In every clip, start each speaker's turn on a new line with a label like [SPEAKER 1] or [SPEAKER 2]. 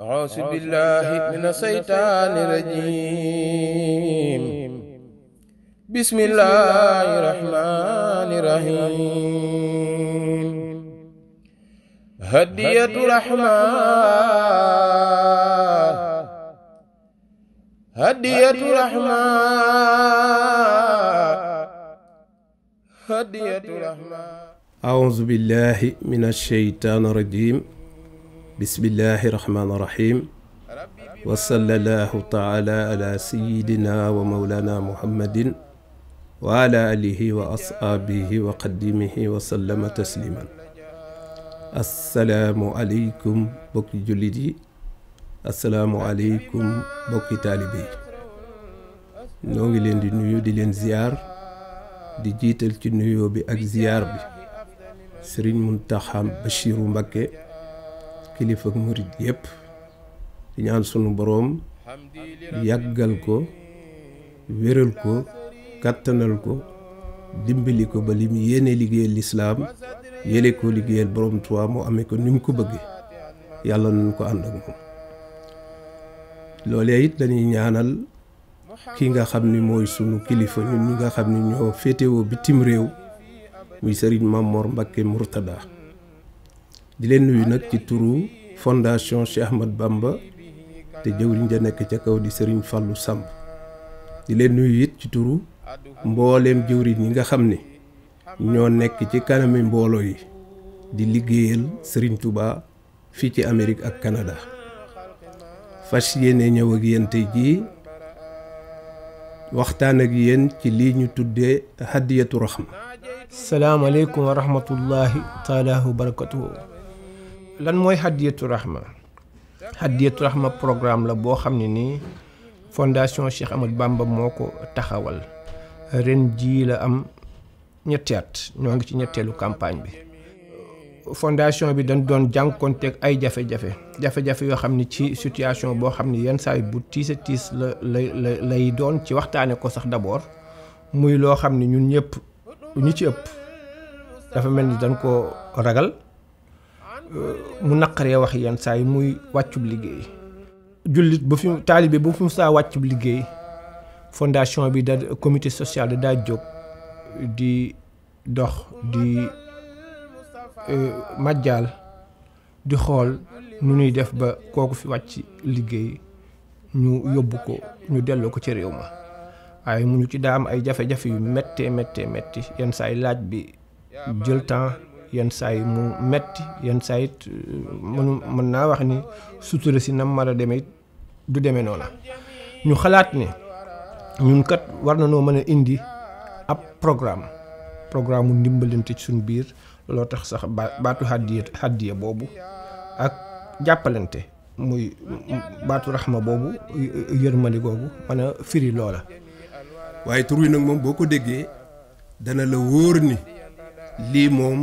[SPEAKER 1] أعوذ بالله من الشيطان الرجيم
[SPEAKER 2] بسم الله الرحمن الرحيم هدية الرحمن هدية الرحمن هدية الرحمن
[SPEAKER 1] أعوذ بالله من الشيطان الرجيم بسم الله الرحمن الرحيم وصلى الله تعالى على سيدنا ومولانا محمد وعلى اله واصحابه وقدمه وسلم تسليما السلام عليكم بك جلدي السلام عليكم بك طالبي نوغي لين دي نيو دي لين زيار دي جيتل تي نيو بي اك زيار بي سرين منتخب بشير مكه kilifa ak murit yépp di ñaan sunu boroom yàggal ko wéral ko kàttanal ko dimbali ko ba li mu yéene liggéeyal lislaam yéle ko liggéeyal borom Tuubaa mu amee ko ni mu ko bëgge yàlla nañ ko ànd ak moom loolee it dañuy ñaanal ki nga xam ni mooy sunu kilifa ñun ñi nga xam ni ñoo féetewoo bitim réew muy sëriñ Mamoor Mbakke Murtada di len nuyu nak ci turu fondation Cheikh Ahmad Bamba te jëwriñ ja nekk ci kaw di Serigne Fallou Samb di len nuyu yit ci turu mbollem jëwriñ yi nga xam ño nekk ci kanami mbolo yi di liggéeyal Serigne Touba fi ci amerique ak Canada fas enya ñëw ak yéen tey jii waxtaan ak yeen ci li ñu tuddé hadiyatu rahma
[SPEAKER 3] salaamaaleykum wa rahmatullahi taala wa lan mooy Hadiyatu Rahma Hadiyatu Rahma programme la boo xam ne nii fondation Cheikh Ahmadou Bamba moo ko taxawal ren jii la am ñetti at ñoo ngi ci ñetteelu campagne bi fondation bi dañ doon jànkonteeg ay jafe-jafe jafe-jafe yoo xam ne ci situation boo xam ne yenn saay bu tiisa tiis la lay lay doon ci waxtaane ko sax d'abord muy loo xam ne ñun ñëpp ñu ci ëpp dafa mel ni dañ ko ragal Euh, mu naqaree wax yenn saa yi muy wàccub liggéey jullit bu fi taalibe fondation bi comité social da daa di dox di euh, majjaal di xool nu ñuy def ba kooku fi wàcc liggéey ñu yóbbu ko ñu ko ci yenn saa yi mu metti yenn saa it euh, mënu mën naa wax ni sutura si nam mar a demee du demee noona ñu xalaat ne ñun kat war na noo mën a indi ab programme programme mu ndimbalante ci suñu biir loo tax sax baatu hàddiya hàddiya boobu ak jàppalante
[SPEAKER 1] muy baatu raxma boobu yërmali googu mën a firi loola waaye tur wi moom boo ko déggee dana la wóor ni lii moom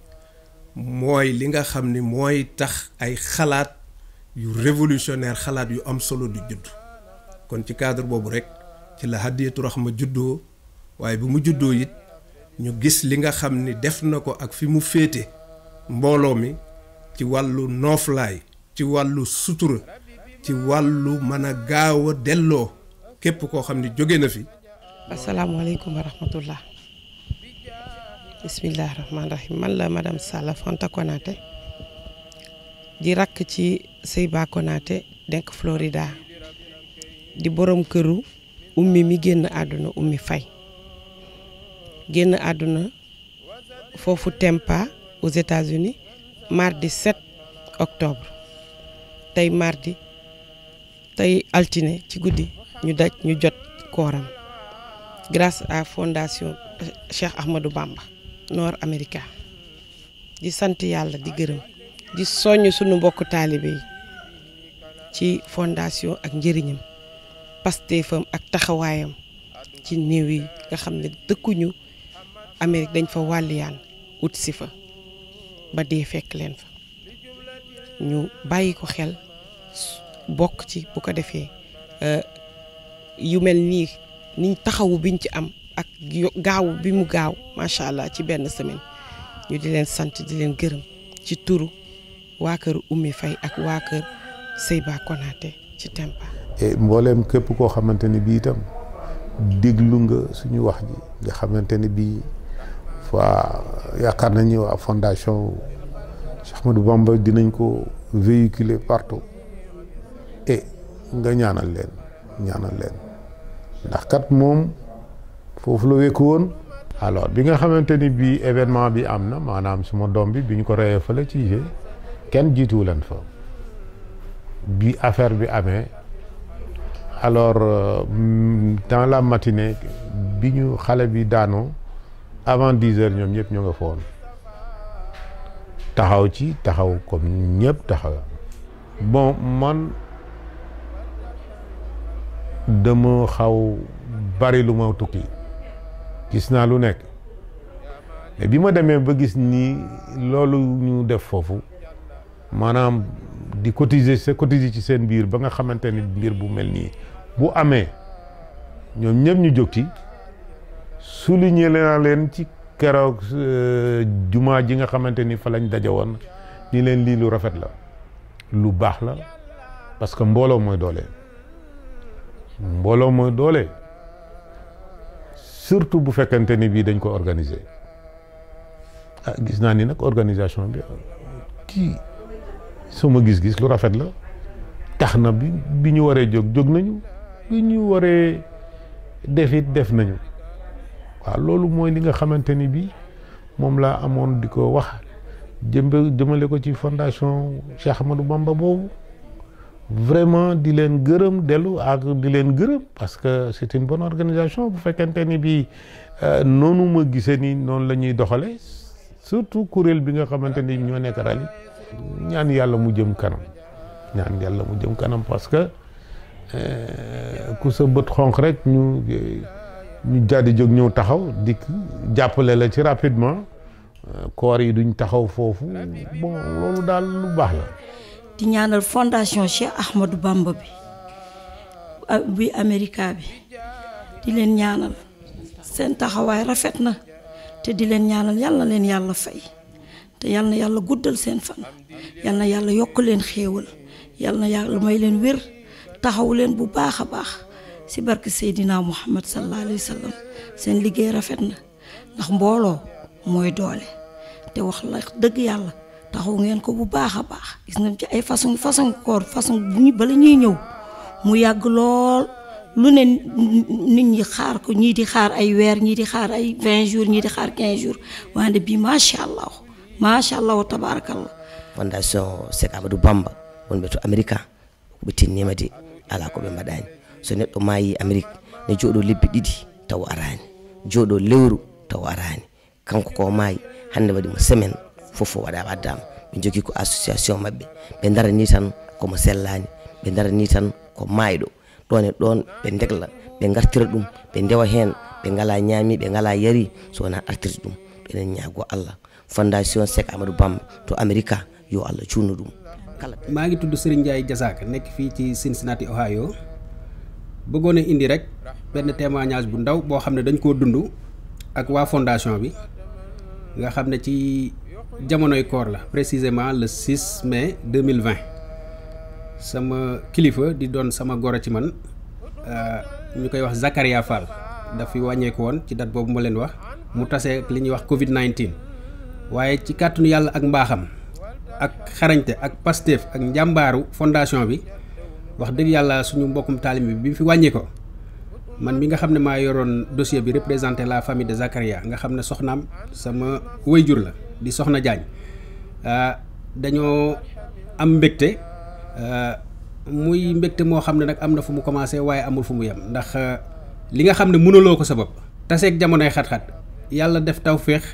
[SPEAKER 1] mooy li nga xam ni mooy tax ay xalaat yu révolutionnaire xalaat yu am solo di judd kon ci cadre boobu rek ci la Hadiyatu ma juddoo waaye bu mu juddoo it ñu gis li nga xam ni def na ko ak fi mu féete mbooloo mi ci wàllu nooflaay ci wàllu sutura ci wàllu mën a gaaw delloo képp koo xam ni jóge na fi
[SPEAKER 4] asalaamaaleykum wa rahmatullah bisimilah rahmaani rahim man la madame Salla Fanta di rakk ci Seyba Konaté denk Florida di boroom këru ummi mi génn àdduna ummi fay génn àdduna foofu tempa aux États-Unis mardi 7 octobre tey mardi tey altine ci guddi ñu daj ñu jot kooram grâce à fondation Cheikh Ahmadou Bamba nord america di sant yàlla di gërëm di soññ sunu mbokku taalibe yi ci fondation ak njëriñam pasteefam ak taxawaayam ci néew yi nga xam ne dëkkuñu Amérique dañ fa wàlliyaan ut si fa ba dee fekk leen fa ñu bàyyi ko xel bokk ci bu ko defee euh, yu mel nii niñ taxawu biñ ci am gaaw bi mu gaaw macha allah ci benn semaine ñu di leen sant di leen gërëm ci turu waa kër Oumy Faye ak waa kër Seyba Konaté ci Tempa.
[SPEAKER 2] E mbooleem képp koo xamante ni bii itam déglu nga suñu wax ji nga xamante ni bii waa yaakaar nañu waa fondation Cheikh Ahmadou Bamba dinañ ko véhiculer partout et nga ñaanal leen ñaanal leen ndax kat moom. foofu la wékku woon alors bi nga xamante ni bii événement bi am na maanaam suma dom bi bi ñu ko reyee fële ci G kenn jiituwu leen fa bi affaire bi amee alors euh, dans la matinée bi ñu xale bi daanoo avant dix heures ñoom ñëpp ñu nga foon taxaw ci taxaw comme ñëpp taxaw bon man dama xaw bari lu ma tukki gis naa lu nekk mais bi ma demee ba gis ni loolu ñu def foofu maanaam di cotiser cotiser ci seen biir ba nga xamante ni mbir bu mel nii bu amee ñoom ñëpp ñu jóg ci souligner naa leen ci keroog euh, jumaa ji nga xamante ni fa lañ daje woon ni leen lii lu rafet la lu baax la parce que mbooloo mooy doole mbooloo mooy doole. surtout bu fekkente ni bii dañ ko organiser ah gis naa ni nag organisation bi ci sama gis-gis lu rafet la tax na bi bi ñu waree jóg jóg nañu bi ñu waree def def nañu waaw loolu mooy li nga xamante ni bii moom laa amoon di ko wax jëmbe jëmale ko ci fondation Cheikh Ahmadou Bamba boobu. vraiment di leen gërëm dellu ak di leen gërëm parce que c'est une bonne organisation bu fekkente ni bii euh, noonu ma gisee nii noonu la ñuy doxale surtout kuréel bi nga xamante ni ñoo nekk rali ñaan yàlla mu jëm kanam ñaan yàlla mu jëm kanam parce que euh, ku sa bët xonq rek ñu ñu jàddi jóg ñëw taxaw di jàppale la ci rapidement euh, koor yi duñ taxaw foofu bon loolu daal baax la
[SPEAKER 4] di ñaanal fondation Cheikh Ahmadou Bamba bi bi Amerika bi di leen ñaanal seen taxawaay rafet na te di leen ñaanal yal na leen yàlla fay te yal na yàlla guddal seen fan yal na yàlla yokk leen xéewal yal na yàlla may leen wér taxaw leen bu baax a baax si barke Seydina Muhammad sallallahu alayhi wa sallam seen liggéey rafet na ndax mbooloo mooy doole te wax la dëgg yàlla taxaw ngeen ko bu baax a baax gis nañ ci ay façon façon koor façon bu ñu bala ñuy ñëw mu yàgg lool lu ne nit ñi xaar ko ñii di xaar ay weer ñii di xaar ay 20 jours ñii di xaar 15 jours wande bi macha allah macha allah tabarakallah fondation Cheikh Amadou Bamba wonɓe to America ma di ala ko be mbaɗani so neɗɗo mayi Amérique ne jooɗo lebbi didi taw arani jooɗo lewru taw arani kanko ko mayi hande mo semaine fofo wada addama mi jogi ko association mabbe ɓe darani tan mo sellani ɓe darani tan ko maydo ɗon don be degla be gartira dum be dewa hen ɓe gala ñaami gala nyaago allah fondation sek amadou bam to america yo allah cuuno dum
[SPEAKER 5] kala maa ngi tudd Serigne Ndiaye Diazaka nek fi ci Cincinnati Ohio bëggone ne indi rek ben témoignage bu ndaw bo xamne dañ ko dundu ak wa fondation bi nga xamne ci jamonoy koor la précisément le 6 mai 2020 sama kilifa di doon sama goro ci man euh, ñu koy wax Zakaria Fall dafi wàññeeku woon ci date boobu ma leen wax mu tasee li ñuy wax Covid 19 waaye ci kàttanu yàlla ak mbaaxam ak xarañte ak Pastef ak njàmbaaru fondation bi wax dëgg yàlla suñu mbokkum taalim bi fi wàññi man mi nga xam ne maa yoroon dossier bi représenté la famille de Zakaria nga xam ne soxnaam sama wayjur la. di Soxna Jaañ euh, dañoo am mbégte euh, muy mbégte moo xam ne nag am na fu mu commencé waaye amul fu mu yem ndax euh, li nga xam ne mënuloo ko sa bopp taseeg jamonoy xat-xat yàlla def taw féex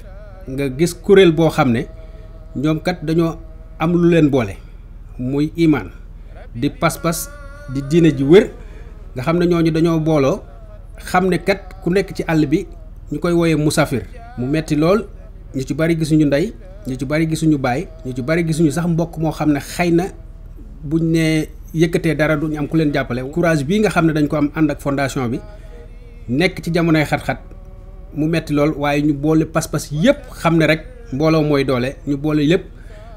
[SPEAKER 5] nga gis kuréel boo xam ne ñoom kat dañoo am lu leen boole muy imaan di pas-pas di diine ji wér nga xam ne ñooñu dañoo booloo xam ne kat ku nekk ci àll bi ñu koy wooyee musafir mu metti lool ñu ci bari gisuñu ndey ñu ci bari gisuñu baay ñu ci bari gisuñu sax mbokk moo xam ne xëy na buñ nee yëkkatee dara duñu am ku leen jàppale. courage bii nga xam ne dañ ko am ànd ak fondation bi nekk ci jamonoy xat-xat mu metti lool waaye ñu boole pas-pas yépp xam ne rek mbooloo mooy doole ñu boole lépp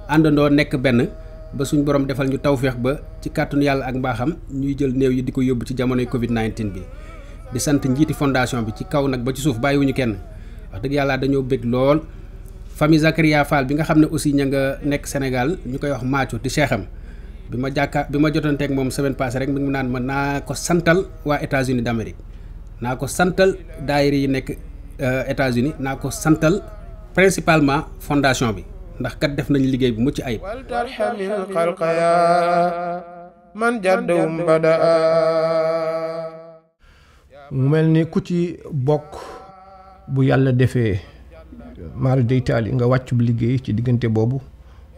[SPEAKER 5] àndandoo nekk benn. ba suñ borom defal ñu tawféex ba ci kàttanu yàlla ak mbaaxam ñuy jël néew yi di ko yóbbu ci jamonoy Covid 19 bi di sant njiiti fondation bi ci kaw nag ba ci suuf bàyyiwuñu kenn wax dañoo bëgg lool. famille Zakaria Fall bi nga xamne aussi ña nga nek senegal ñu wax matu di cheikham bima jaka bima jotante ak mom semaine passée rek mi ngi naan man na ko santal wa États-Unis d'Amérique na ko santal daire yi nek euh, États-Unis na ko santal principalement fondation bi ndax kat def nañ liggéey bu mucc ayib
[SPEAKER 2] man jaddum badaa
[SPEAKER 3] mu melni ni ku ci bok bu yalla defee mara day yi nga wàccub liggéey ci diggante boobu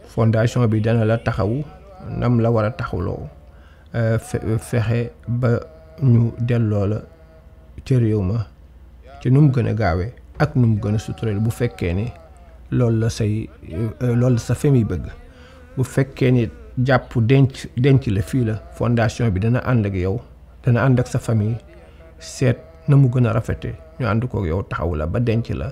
[SPEAKER 3] fondation bi dana la taxawu nam la war a taxawloo euh, fexe ba ñu delloo la ca réew ma ci nu mu gën a gaawee ak nu mu gën a sutureel bu fekkee ni loolu la say euh, loolu sa famille bëgg bu fekkee ni jàpp denc denc la fii la fondation bi dana ànd ak yow dana ànd ak sa famille seet na mu gën a rafete ñu ànd ko yow taxawu la ba denc la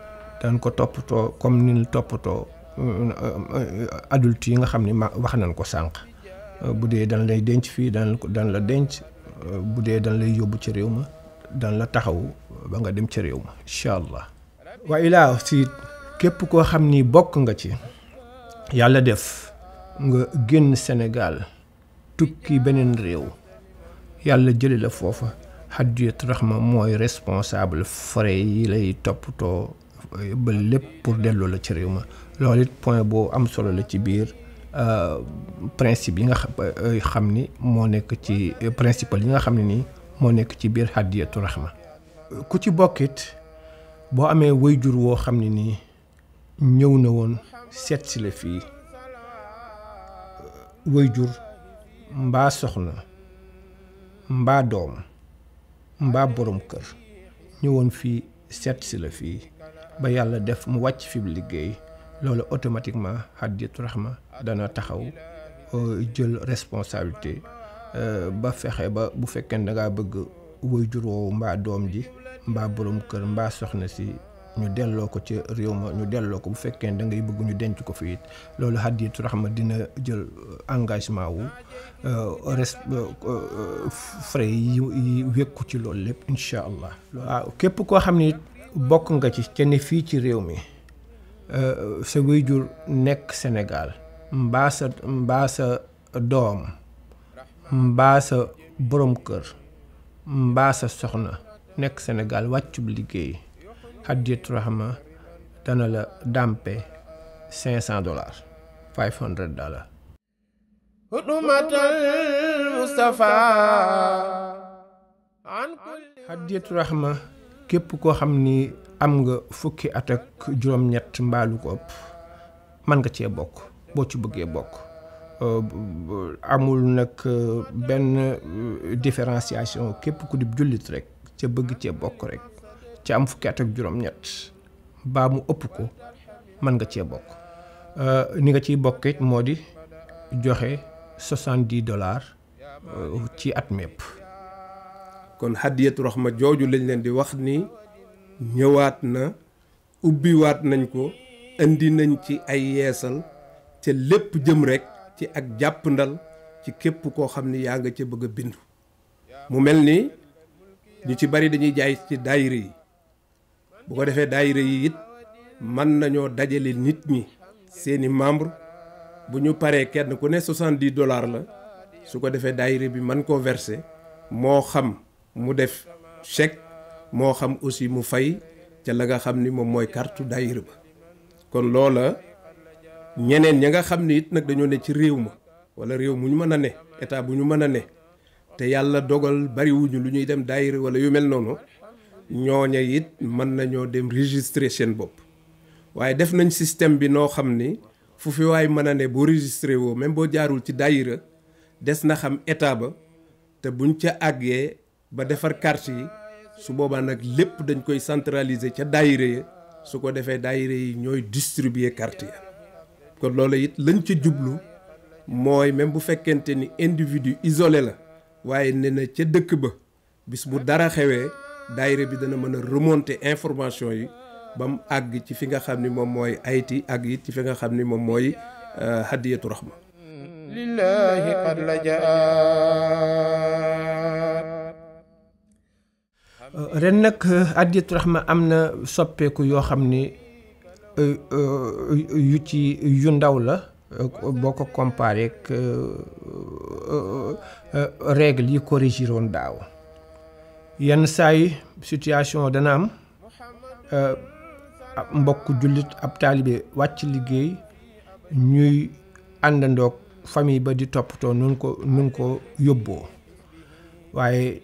[SPEAKER 3] daan ko toppatoo comme ni toppatoo euh, adulte yi nga xam ni ma wax nañ ko sànq euh, bu dee dan lay denc fii dan dan la denc euh, bu dee dan lay yóbbu ci réew ma dan la taxaw ba nga dem ci réew ma incha allah wa ilaa si képp koo xam ni bokk nga ci yàlla def nga génn Sénégal tukki beneen réew yàlla jële la foofa Hadiyatu Rahma mooy responsable frais yi lay toppatoo yëbbal lépp pour delloo la ci réew ma loolu it point boo am solo la ci biir principe yi nga xam ni moo nekk ci principal yi nga xam ne nii moo nekk ci biir hadiyatu rahma ku ci bokkit boo amee wayjur woo xam ne nii ñëw na woon seet si la fii wayjur mbaa soxna mbaa doom mbaa borom kër ñëwoon fii seet si la fii ba yàlla def mu wàcc fi bu liggéey loolu automatiquement Hadiyatu Rahma dana taxaw euh, jël responsabilité euh, ba fexe ba bu fekkee ne dangaa bëgg waajur woowu mbaa doom ji mbaa borom kër mbaa soxna si ñu delloo ko ci réew ma ñu delloo ko bu fekkee ne da ngay bëgg ñu denc ko fii it loolu Hadiyatu Rahma dina jël engagement wu euh, res frais yi wékku ci loolu lépp incha allah. waaw képp koo xam ne bokk nga ci te ne fii ci réew mi euh, sa wéyjur nekk Sénégal mbaa doom mbaa sa borom kër mbaa soxna nekk Sénégal wàccub liggéey Hadiyatu Rahma dana la dàmpe cinq cent dollars képp koo xam ni am nga fukki at ak juróom-ñett mbaalu ko man nga cee bokk boo ci bëggee bokk euh, amul nag euh, benn euh, différenciation képp ku di jullit rek ca bëgg cee bokk rek ca am fukki at ak juróom-ñett baa mu ëpp ko man nga cee bokk ni nga ciy bokk it moo di joxe
[SPEAKER 1] 70 dollars ci at mépp kon hadiyatu ma jooju lañ leen di wax ni ñëwaat na ubbiwaat nañ ko indi nañ ci ay yeesal te lépp jëm rekk ci ak jàppandal ci képp koo xam ni yaa nga ca bëgg bindu mu mel ni ñu ci bari dañuy jaay ci daayira yi bu ko defee daayira yi it mën nañoo dajale nit ñi seeni membre bu ñu paree kenn ku ne soixante di dollars la su ko defee daayira bi mën koo verser moo xam mu def chèque moo xam aussi mu fay ca la nga xam ni moom mooy kartu daayira ba kon loola ñeneen ña nga xam ni it nag dañoo ne ci réew ma wala réew mu ñu mën a ne état bu ñu mën a ne te yàlla dogal bariwuñu lu ñuy dem daayira wala yu mel noonu ñooña it mën nañoo dem registré seen bopp waaye def nañ système bi noo xam ni fu fi waay mën a ne boo registré woo même boo jaarul ci daayira des na xam état ba te buñ ca àggee ba defar quartier yi su boobaa nag lépp dañ koy centraliser ca daayire ya su ko defee daayire yi ñooy distribuer quartier kon loolu it lañ ca jublu mooy même bu fekkente ni individu isolé la waaye ne na ca dëkk ba bis bu dara xewee daayire bi dana mën a information yi ba mu àgg ci fi nga xam ni moom mooy ak it ci fi nga xam ni moom euh, hadiyatu rahma
[SPEAKER 2] lillahi qad
[SPEAKER 3] Euh, ren nag euh, addiyatu ma am na soppeeku yoo xam ni euh, yu yu ndaw la boo ko comparé ak règle yi corrigeroon daaw yenn saa yi situation dana am mbokk jullit ab taalibe wàcc liggéey ñuy àndandoog famille ba di toppatoo nun ko nun ko yóbboo waaye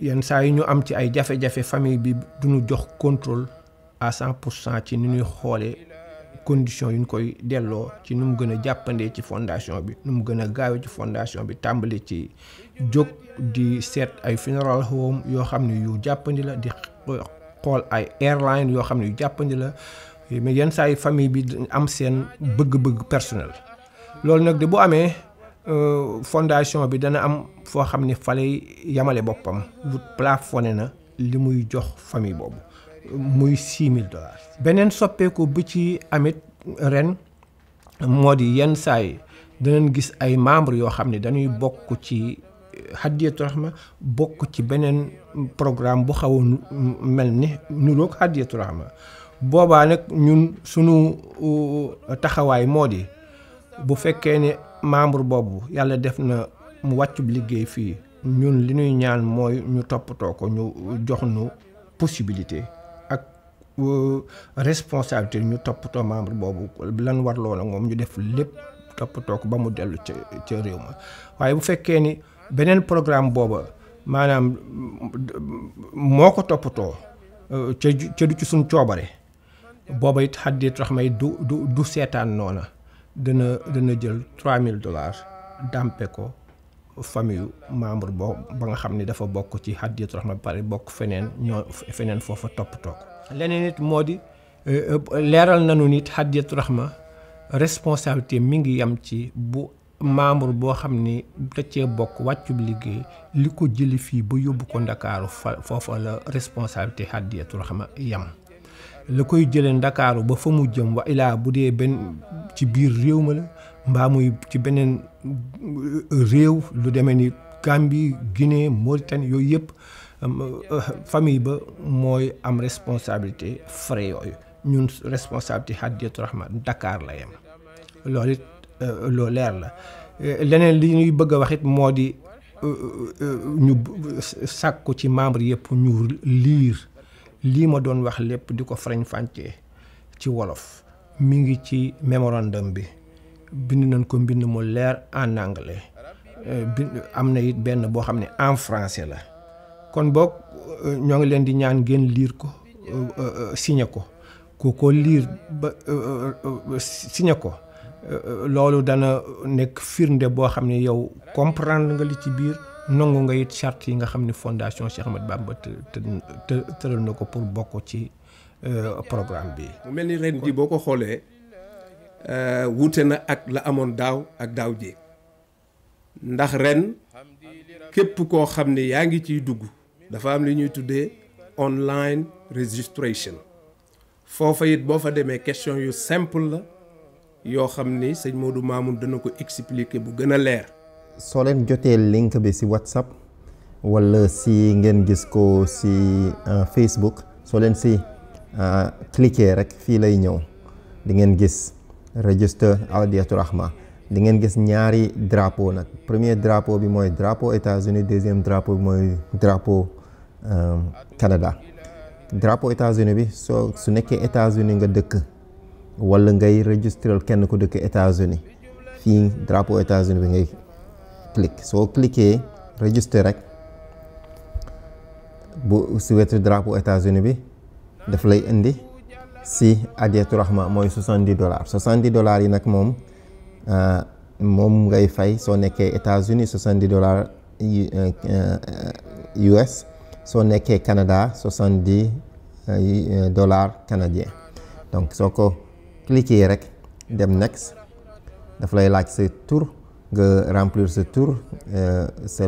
[SPEAKER 3] yenn saa yi ñu am ci ay jafe-jafe famille bi duñu jox contrôle à cent pour cent ci ni ñuy xoolee condition yu ñu koy delloo ci nu mu gën a jàppandee ci fondation bi nu mu gën a gaawee ci fondation bi tàmbali ci jóg di seet ay funeral home yoo xam ne yu jàppandi la di xool ay airline yoo xam ni yu jàppandi la mais yenn saa yi famille bi am seen bëgg-bëgg personnel loolu nag de bu amee Euh, fondation bi dana am foo xam ni falay yamale boppam bu plafonné na li muy jox famille boobu muy six mille dollars beneen soppeeku bi ci amit ren moo di yenn saa yi danañ gis ay membres yoo xam ne dañuy bokk ci euh, Haddiyatu Rahma bokk ci beneen programme bu xaw mel ni nuroog Haddiyatu Rahma boobaa nag ñun suñu euh, taxawaay moodi bu fekkee ne membre boobu yàlla def na mu wàccub liggéey fii ñun li ñuy ñaan mooy ñu toppatoo ko ñu jox nu possibilité ak euh, responsabilité ñu toppatoo membre boobu lan war loola moom ñu def lépp toppatoo ko ba mu dellu ca ca réew ma waaye bu fekkee ni beneen programme booba maanaam moo ko toppatoo euh, ca ca du ci suñ coobare booba it xaddiit raxmay du du du seetaan noona dana dana jël trois mille dollars dàmpe ko famille membre boo ba nga xam ni dafa bokk ci Hadiyatu Rahma ba bokk feneen ñoo feneen foofa toppatoo ko leneen it moo di euh, euh, leeral nañu nit Hadiyatu Rahma responsabilité mi ngi yam ci bu membre boo xam ni da cee bokk wàccub liggéey li ko jëli fii ba yóbbu ko ndakaaru fa foofa la responsabilité Hadiyatu Rahma yam la koy jëlee ndakaaru ba fa mu jëm wa ilaa bu dee benn ci biir réew ma la mbaa ci beneen euh, réew lu demee ni Gambie Guinée Mauritanie yooyu yëpp euh, famille ba mooy am responsabilité frais yooyu ñun responsabilité Hadiyatou Rahman Dakar la yem loolu it loolu euh, leer la leneen li ñuy bëgg a wax it moo di ñu sàkku ci membre yëpp ñu liir lii ma doon wax lépp di ko farañ fànce ci wolof mi ngi ci mémorandum bi bind nañ ko mbind mu leer en anglais euh, bi am na it benn boo xam ne en français la kon boog euh, ñoo ngi leen di ñaan ngeen liir ko euh, signé ko ku ko liir ba signé ko loolu dana nekk firnde boo xam ni yow comprendre nga li ci biir nangu nga it charte yi nga xam ne fondation Cheikh Ahmadou Bamba të të tëral na ko pour bokk ci Euh, programme bi.
[SPEAKER 1] mu mel ni ren ji boo ko xoolee euh, wuute na ak la amoon daaw ak daaw ji ndax ren képp koo xam ne yaa ngi ciy dugg dafa am lu ñuy tuddee online registration foofa it boo fa demee question yu simple la yoo xam ni sëñ Modou Mamoun dana ko expliquer bu gën a leer.
[SPEAKER 6] soo leen jotee link bi ci WhatsApp walla si ngeen gis ko ci euh, Facebook soo leen si Euh, cliquer rek fii lay ñëw di ngeen gis registre Hawdiyatu Rahma di ngeen gis ñaari drapeau nag premier drapeau bi mooy drapeau États-Unis deuxième drapeau bi mooy drapeau euh, Canada drapeau États-Unis bi soo su nekkee États-Unis nga dëkk wala ngay registrel kenn ku dëkk États-Unis fii drapeau États-Unis bi ngay clique soo cliquer registre rek bu si wetu drapeau États-Unis bi daf lay indi si adiyatu rahma mooy soixante-dix dollars soixante-dix dollars yi nag moom euh, moom ngay fay soo nekkee États-Unis soixante-dix dollars US euh, euh, soo nekkee Canada soixante-dix dollars canadien donc soo ko cliquer rek dem next daf lay laaj sa tur nga remplir sa tur sa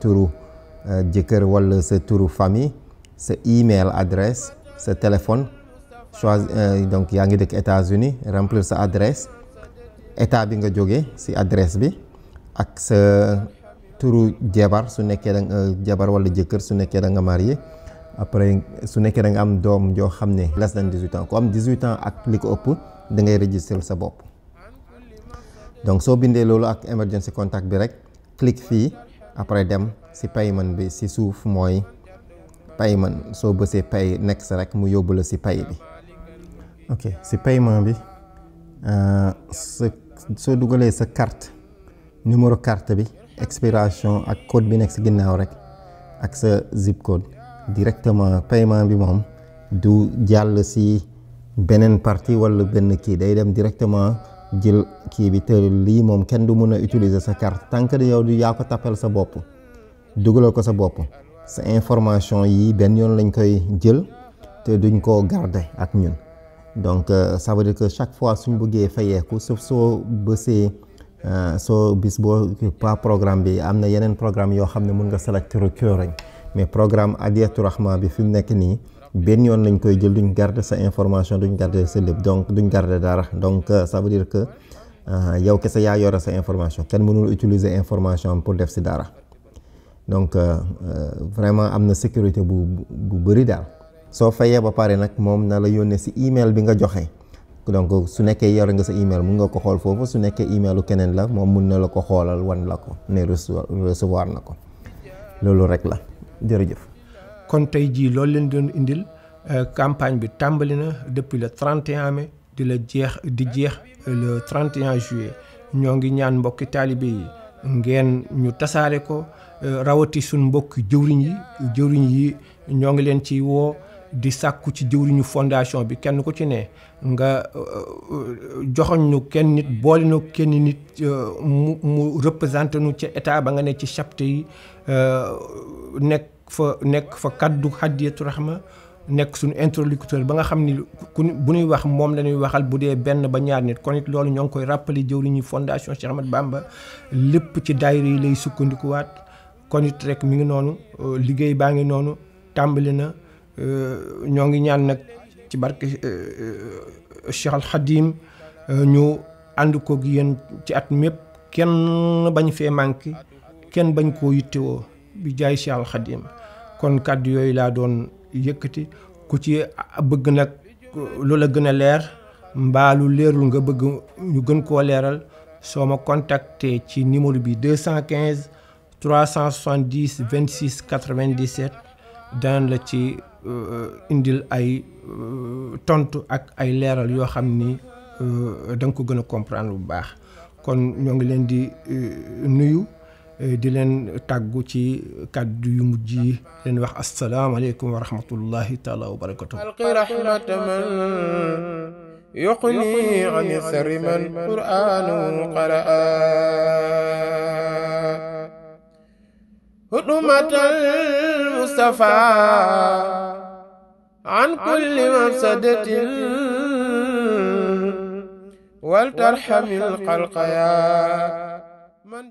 [SPEAKER 6] turu jëkkër walla sa turu famille sa email address, sa telephone. choisi euh, donc yangi dek États-Unis remplir sa adresse état bi nga jógee si adresse bi ak sa turu jabar su nekkee da nga euh, jabar wala jëkkër su nekkee da nga marié après su nekkee da nga am dom jo xam less than 18 ans Ko am 18 ans ak liko ko ëpp da ngay registré sa bop. donc so bindee loolu ak emergency contact bi rek clique fi, après dem si payment bi si souf moy. paiement soo bësee pay next rek mu yóbbu la si pay bi ok si paiement bi euh, sa soo dugalee sa carte numéro carte bi expiration ak code bi nekk si ginnaaw rek ak sa zip code directement paiement bi moom du jàll si beneen partie wala benn kii day dem directement jël kii bi te lii moom kenn du mun a utiliser sa carte tant que yow du yaa ko tappal sa bopp dugalal ko sa bopp sa information yi ben yon lañ koy jël te duñ ko garder ak ñun donc euh, ça veut dire que chaque fois suñ bëggee fayeeku sauf so bësee euh, soo bis boo pas programme bi amna na yeneen programme yoo xam ne mun nga select recurring mais programme Adiyatou Rahma bi fi mu nekk nii benn yoon lañ koy jël duñ garder sa information duñ garder sa lépp donc duñ garder dara donc euh, ça veut dire que yow kese yaa yore sa information kenn mënul utiliser information pour def si dara donc euh, euh, vraiment am na sécurité bu bu bëri daal soo fayee ba pare nag moom na la yónnee si email bi nga joxe donc su nekkee yore nga sa email mun nga ko xool foofu su nekkee emailu keneen la moom mun na la ko xoolal wan la ko ne recevoir na ko loolu rek la jërëjëf.
[SPEAKER 3] kon tey jii loolu leen doon indil euh, campagne bi tàmbali na depuis le 31 mai di la jeex di jeex le 31 juillet ñoo ngi ñaan mbokki taalibe yi ngeen ñu tasaare ko. Euh, rawati suñ mbokk jëwriñ yi jëwriñ yi ñoo ngi leen ci woo di sàkku ci jëwriñu fondation bi kenn ku ci ne nga euh, euh, joxoñ ñu kenn nit boole ñu kenn nit mu mu représenté nu ci état ba nga ne ci chapte yi nekk fa nekk fa kaddu Hadiyatou Rahma nekk suñu interlocuteur ba nga xam ni ku bu ñuy wax moom la ñuy waxal bu dee benn ba ñaar nit kon it loolu ñoo ngi koy rappelé jëwriñu fondation Cheikh Ahmadou Bamba lépp ci daayira yi lay sukkandikuwaat kon Sonatrach mu ngi noonu euh, liggéey baa ngi noonu tàmbali na euh, ñoo ngi ñaan nag ci barke euh, Cheikh Al ñu ànd koog yéen ci at mépp kenn bañ fee manqué kenn bañ koo yittewoo bi jaay Cheikh Al kon kàddu yooyu laa doon yëkkati ku ci bëgg nag lu la gën a leer mbaa lu leerul nga bëgg ñu gën koo leeral soo ma contacté ci numéro bi 215. 370 26 97 daan la ci euh, indil ay euh, tontu ak ay leeral yoo xam ni euh, danga ko gën a comprendre bu baax kon ñoo ngi leen di nuyu di leen tàggu ci kàddu yu mujj yi leen wax asalaamaaleykum wa rahmatullahi taala wa barakatuh
[SPEAKER 2] يقني عن سر من قرآن قرأ هدمة المصطفى عن كل مفسدة ولترحم القلق يا من